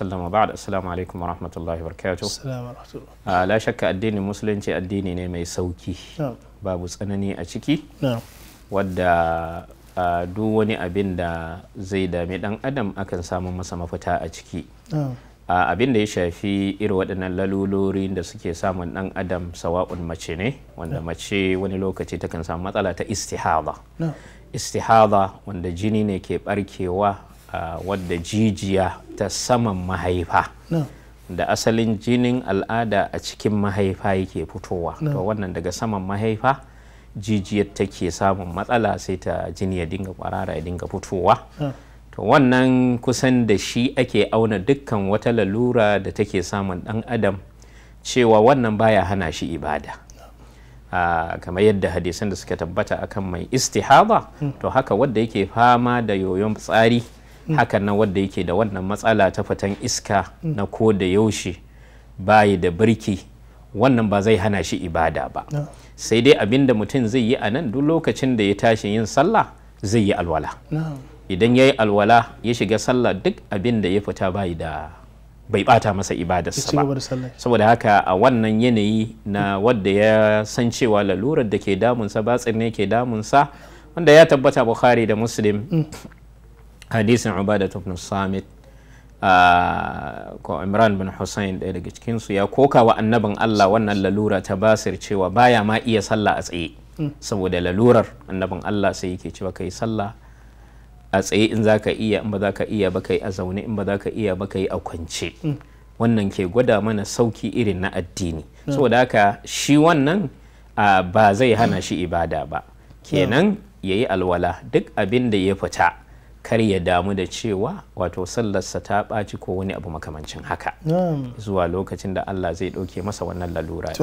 sallama ba'da assalamu alaikum wa rahmatullahi wa ah, la shakka addinin musulunci addini ne mai sauki babu tsanani a ciki wadda ah, duk wani abin da zai dami dan adam akan samu masa mafita a ciki ah, abin da ya shafi irin waɗannan lalurori da suke samun dan adam sawa'un mace ne wanda mace wani lokaci takan samu matsala ta istihada istihada wanda jini ne ke barkewa wadda jijiya ta saman mahaifa da asalin jinin al'ada a cikin mahaifa yake fitowa to wannan daga saman mahaifa jijiyar take samun matsala sai ta jini ya dinga kwarara ya dinga fitowa to wannan kusan da shi ake auna dukkan wata lalura da take samun dan adam cewa wannan baya hana shi ibada kamar yadda hadisan da suka tabbata akan mai istihaba hmm. to haka wadda yake fama da yoyon tsari Mm. hakan nan wadda yake da wannan matsala ta fitan iska mm. na ko da yaushe bayi da birki wannan ba zai hana shi ibada ba sai dai abin da mutum zai yi a nan duk lokacin da ya tashi yin sallah zai yi alwala idan ya yi alwala ya shiga sallah duk abin da ya fita bayi da bai bata masa ibadarsa ba saboda haka a wannan yanayi na wadda ya san cewa lalurar da ke damunsa batsin ne ke damunsa wanda ya tabbata bukhari da muslim mm. hadisin ubadat ibn samit ah, ko imran bin hussein ɗaya daga cikinsu ya koka wa annabin allah wannan lalura ta basir cewa baya ma iya sallah a tsaye hmm. saboda lalurar annabin allah sai yake cewa kai sallah a tsaye in za ka iya in ba za ka iya ba kai a zaune in ba za ka iya ba kai a kwance hmm. wannan ke gwada mana sauki irin na addini hmm. saboda haka shi wannan ah, ba zai hana shi ibada ba kenan ya yi alwala duk abin da ya fita kar ya damu da cewa wato sallarsa ta ɓaci ko wani abu makamancin haka zuwa lokacin da Allah zai ɗauke masa wannan lalura.